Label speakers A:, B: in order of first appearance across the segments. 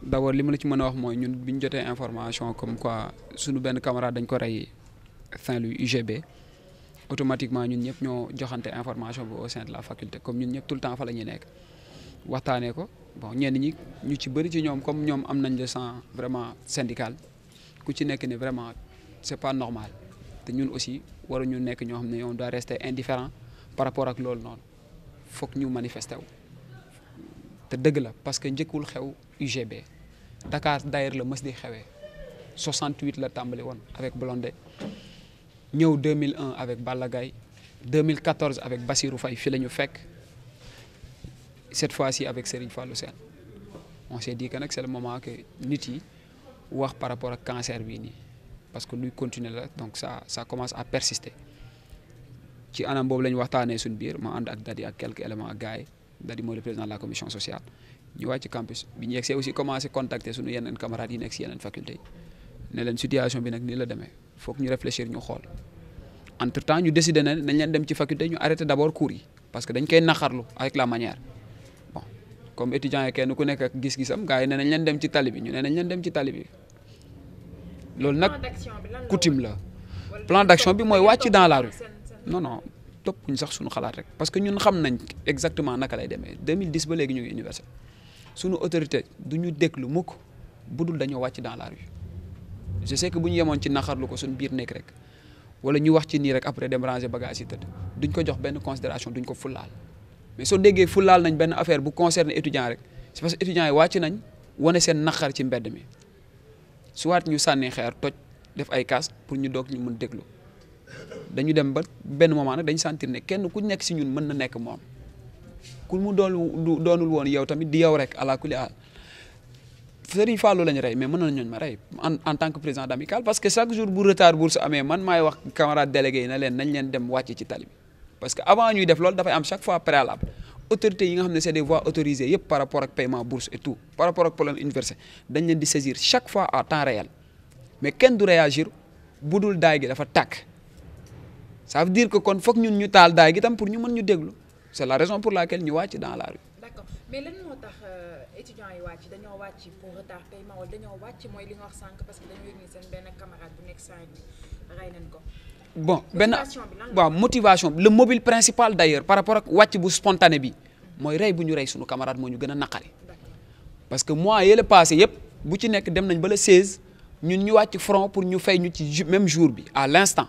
A: d' abord li ma la ci mën a wax mooy ñun bi ñu jotee information comme quoi suñu benn camarade dañ ko rey saint UGB automatiquement ñun ñëpp ñoo joxante information bi au sein de la faculté comme ñun ñëpp tout le temps la ñuy nekk waxtaanee ko bon ñenn ñi ñu ci bëri ci ñoom comme ñoom am nañ le sens vraiment syndical ku ci nekk ne vraiment c' est pas normal te ñun aussi waruñu nekk ñoo xam ne on doit rester indifférent par rapport à loolu il faut que nous que te parce que nous xew UGB Dakar d'ailleurs le mës de 68 la Tambalé avec Blondé en 2001 avec Balla 2014 avec Bassirou Faye et la cette fois-ci avec Serigne Fallou on s'est dit que c'est le moment que nous avons par rapport au cancer parce que nous continue là, donc ça ça commence à persister ci anam bobu lañ waxtane suñ biir ma and ak dadi ak quelques éléments ak gars dadi mo le président de la commission sociale ñu wacc campus bi ñu yegsee aussi commencé contacter suñu yenen camarades yi nek ci yenen faculté yi ne leen situation bi nak ni la démé fokk ñu réfléchir ñu xol entre temps ñu décider ne nañ leen dem ci faculté ñu arrêter d'abord cours yi parce que dañ koy naxarlu avec la manière bon comme étudiant yi kenn ku nek ak gis-gisam gaay yi ne nañ leen dem ci tali bi ñu ne nañ leen dem ci tali bi nak coutume la plan d'action bi moy wacc dans la rue non non top toppuñ sax suñu xalaat rek parce que ñun xam nañ exactement naka lay demee 2010 ba léegi ñu ngi université suñu autorité duñu ñu déglu mukk dul dañoo wàcc dans la rue je sais que bu ñu yemoon ci naxarlu ko suñu biir nekk rek wala ñu wax ci nii rek après dem ranger bagage yi tëdd duñ ko jox benn considération duñ ko fulaal mais soo déggee fulaal nañ benn affaire bu concerne étudiant rek c'est parce que étudiant yi wàcc nañ wane seen naxar ci mbedd mi soit ñu sànni xeer toj def ay cas pour ñu doog ñu mun déglu dañu dem ba benn moment nag dañu sentir ne kenn ku nekk si ñun mën na nekk ku mu doonul yow tamit di yow rek ala lañ rey mais en tant que président d'amicale parce que chaque jour bu retard bourse man wax camarade délégué dem wàcc ci tali parce que avant ñuy def loolu am chaque fois préalable autorités yi nga ne c'est des voies autorisées par rapport ak paiement bourse et tout par rapport ak problème universel dañ leen di saisir chaque fois à temps réel mais kenn du réagir budul daay gi dafa tàkk ça veut dire que quand faut ñun ñu taal daay gi pour ñu mën ñu déglu c'est la raison pour laquelle ñu wàcc dans la rue. d'accord mais lan moo tax euh, étudiants yi wàcc dañoo wàcc pour retard paiement wala dañoo wàcc mooy li nga wax parce que dañu yëg sommes seen benn camarade bu nekk saa yi ko. bon benn waaw motivation le mobile principal d'ailleurs par rapport ak wàcc bu spontané bi mooy rey bu ñu rey suñu camarade moo ñu gën a parce que mois le passé yep, bu ci nekk dem nañ ba le 16 ñun ñu wàcc front pour ñu fay ñu ci même jour bi à l'instant.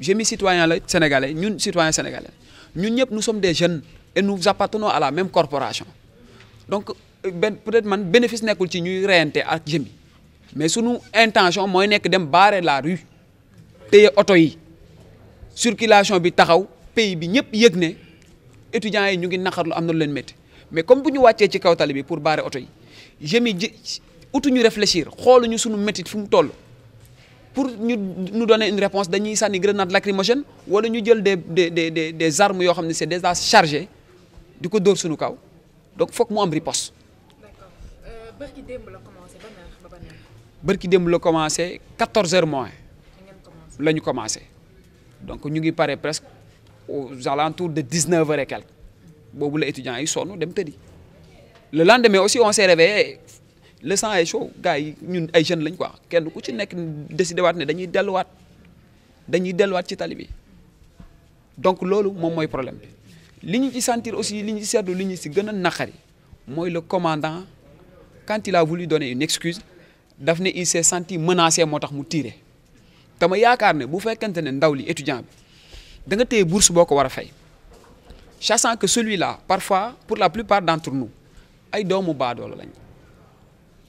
A: j'ai mis citoyen la sénégalais ñun citoyen sénégalais ñun ñëpp nous sommes des jeunes et nous appartenons à la même corporation donc euh, ben, peut-être man bénéfice nekkul ci ñuy réinter à jëmi mais sunu intention mooy nekk dem barrer la rue payer auto yi circulation bi taxaw pays bi ñëpp yëg étudiants yi ñu ngi de se na lu leen mais comme nous avons wàccee ci kaw bi pour barrer auto yi jëmi nous ñu réfléchir xooluñu nous métit fu mu pour nous donner une réponse dañuy sànni grenade lacrymogène wala nous jël des des des des armes yoo xam c'est déjà chargé di ko dóor suñu kaw donc que mu am riposte. d'accord euh, bërki démb la commencé Burkidem, Quand est-ce que commencé 14h moins. la nous commencé. donc nous ngi presque aux alentours de 19h et quelques vous les étudiants yi sonn dem tëddi le lendemain aussi on s'est réveillé le sang est chaud gars yi ñun ay jeunes lañ quoi kenn ku ci nekk décidé waat ne dañuy delluwaat dañuy delluwaat ci c'est talibé. donc loolu moom mooy problème bi ci sentir aussi li ñu ci seetlu li ñu ci gën le commandant quand il a voulu donner une excuse daf il s'est senti menacé moo tax mu tiré te ma yaakaar ne bu fekkente ne ndaw li étudiant bi da nga téye bourse beaucoup ko war a fay sachant que celui-là parfois pour la plupart d'entre nous ay doomu de lañ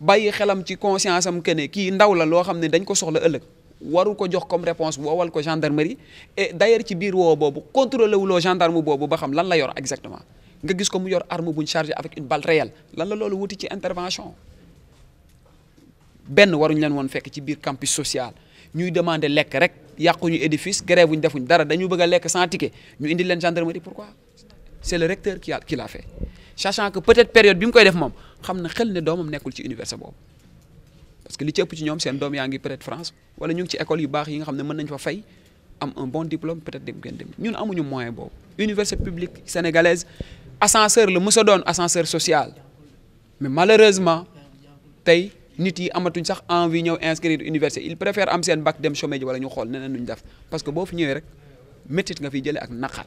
A: bàyyi xelam ci conscience am que ki kii ndaw la loo xam dañ ko soxla ëllëg waru ko jox comme réponse woowal ko gendarmerie et d'ailleurs ci biir woo boobu contrôlé lo gendarme bobu ba xam lan la yor exactement nga gis ko mu yor arme buñ chargé avec une balle réelle lan la loolu wuti ci intervention benn waruñ len won fekk ci biir campus social ñuy demander lekk rek yàquñu édifice grève buñ defuñ dara dañu bëgg a sans ticket ñu indi len gendarmerie pourquoi c'est le recteur qui a qui l'a fait sachant que peut-être période bi mu koy def mom xamna na xel ne ci université boobu parce que li ci ëpp ci ñom seen dom yaangi peut-être France wala ñu ngi ci école yu baax yi nga xamne mën nañ fa fay am un bon diplôme peut-être dem gën dem ñun amuñu moyen boobu université publique sénégalaise ascenseur le mës a doon ascenseur social mais malheureusement tay nit yi amatuñ sax envie ñëw inscrire université ils préfèrent am seen bac dem chômage wala ñu xol neneen nuñ def parce que bo fi ñëwee rek métit nga fi jëlee ak nakar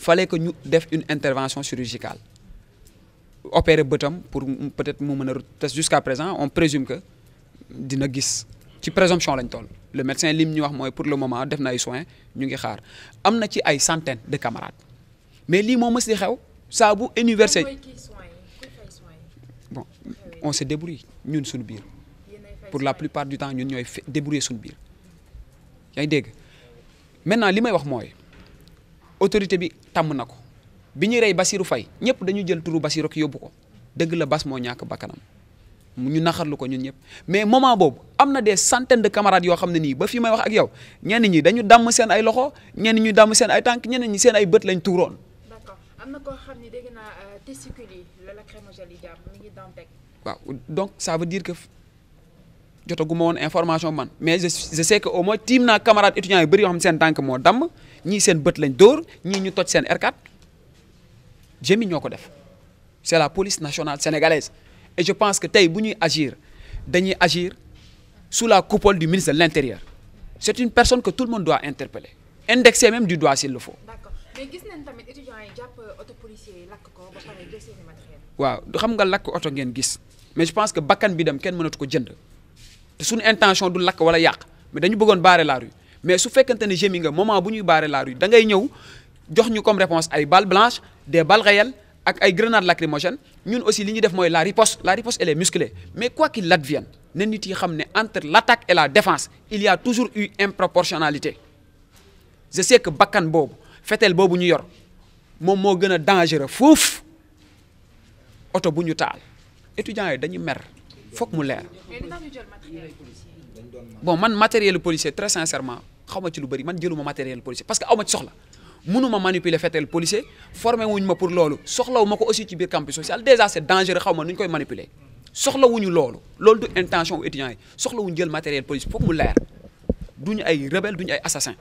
A: fallait que nous def une intervention chirurgicale opérer bottom pour peut-être mon mën jusqu'à présent on présume que dina gis ci présomption lañ toll le médecin lim nous wax pour le moment a na ay soins ñu ngi xaar amna centaines de camarades mais lii moo mës di xew saa universel université bon on se débrouille ñun sommes biir pour la plupart du temps nous nous débrouiller sur biir yaa une dégg maintenant li may wax autorité bi tàmm na ko bi ñuy rey Bassirou fay ñëpp dañu jël turu Bassirou ki yóbbu ko dëgg la Bass moo ñàkk bakkanam ñu naxarlu ko ñun ñëpp mais moment boobu am na des centaines de camarades yoo xam ne nii ba fii may wax ak yow ñenn ñi dañu dàmm seen ay loxo ñenn ñi dàmm seen ay tànk ñenn ñi seen ay bët lañ tuuroon. d'accord am na koo xam ne dégg naa euh, testicule yi la lacrymogène yi woon information man mais je je sais que au moins tiim naa camarades étudiants yu bëri yoo xam ne seen tànk moo damm. ni seen bët lañ dóor ñii ñu toj seen R4 jémi ñoo def c'est la police nationale sénégalaise et je pense que si bu ñuy agir dañuy agir sous la coupole du ministre de l'intérieur c'est une personne que tout le monde doit interpeller indexer même du doigt s'il le faut. d'accord mais gis nañ tamit étudiants yi jàpp auto policier yi lakk ko ba pare jël seeni matériel. waaw xam nga lakk oto ngeen gis mais je pense que bakkan bi dem kenn mënatu ko jënd te suñu intention du lakk wala yàq mais dañu bëggoon barrer la rue mais su fekkente jemi nga moment bu ñuy barrer la rue da ngay ñew jox ñu comme réponse ay balles blanches des balles réelles ak ay grenades lacrymogènes ñun aussi li ñuy def moy la riposte la riposte elle est musclée mais quoi qu'il advienne na nit yi xamné entre l'attaque et la défense il y a toujours eu improportionnalité je sais que bakkan Bob, fetel bobu ñu yor York, mo gëna dangereux foofu auto bu ñu taal étudiants yi dañu mer fokk mu leer bon man matériel policier très sincèrement xaw ci lu bari man jëluma matériel policier parce que awma ci soxla mënuma manipuler fetel policier formé wuñ ma pour lolu soxlawu ma aussi ci biir campus social déjà c'est dangereux xawma nuñ koy manipuler soxlawuñu lolu lolu du intention étudiant étudiants yi soxlawuñu jël matériel policier pour mu leer duñ ay rebelle duñ ay assassin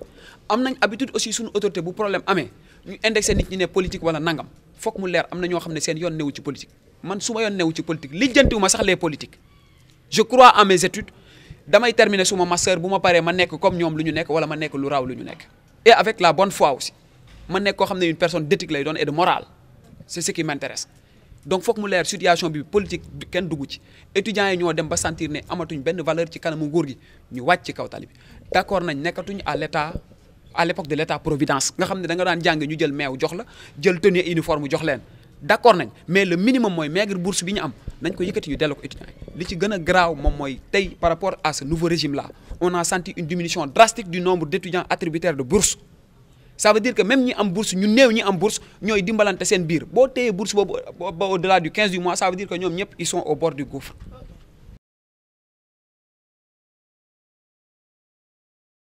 A: amnañ habitude aussi suñu autorité bu problème amé ñu indexé nit ñi né politique wala nangam foog mu leer amna ño xamné xam ne seen yoon ci politique man su ma yoon ci politique lijjantiwu ma sax les politiques je crois à mes études damay terminer suma master buma paré ma nek comme ñom lu ñu nekk wala ma nek lu raw lu ñu nekk et avec la bonne foi aussi ma nek ko xamné une personne d'éthique lay don et de morale c'est ce qui m'intéresse donc foog mu leer situation bi politique ken duggu ci étudiants yi ñoo dem ba sentir ne amatuñ benn valeur ci kanamu nguur gi ñu wacc ci kaw talib d'accord nañ nekatuñ à l'état à l'époque de l'état providence nga xamné da nga daan jàng ñu jël meew jox la jël tenue uniforme jox leen d'accord mais le minimum moy maigre bourse biñu am nañ ko par rapport à ce nouveau régime là on a senti une diminution drastique du nombre d'étudiants attributaires de bourse ça veut dire que même ñi en bourse ñu sommes ñi en bourse ñoy dimbalante seen biir bo téyee bourse bobu au delà du 15 du mois ça veut dire que ils sont au bord du gouffre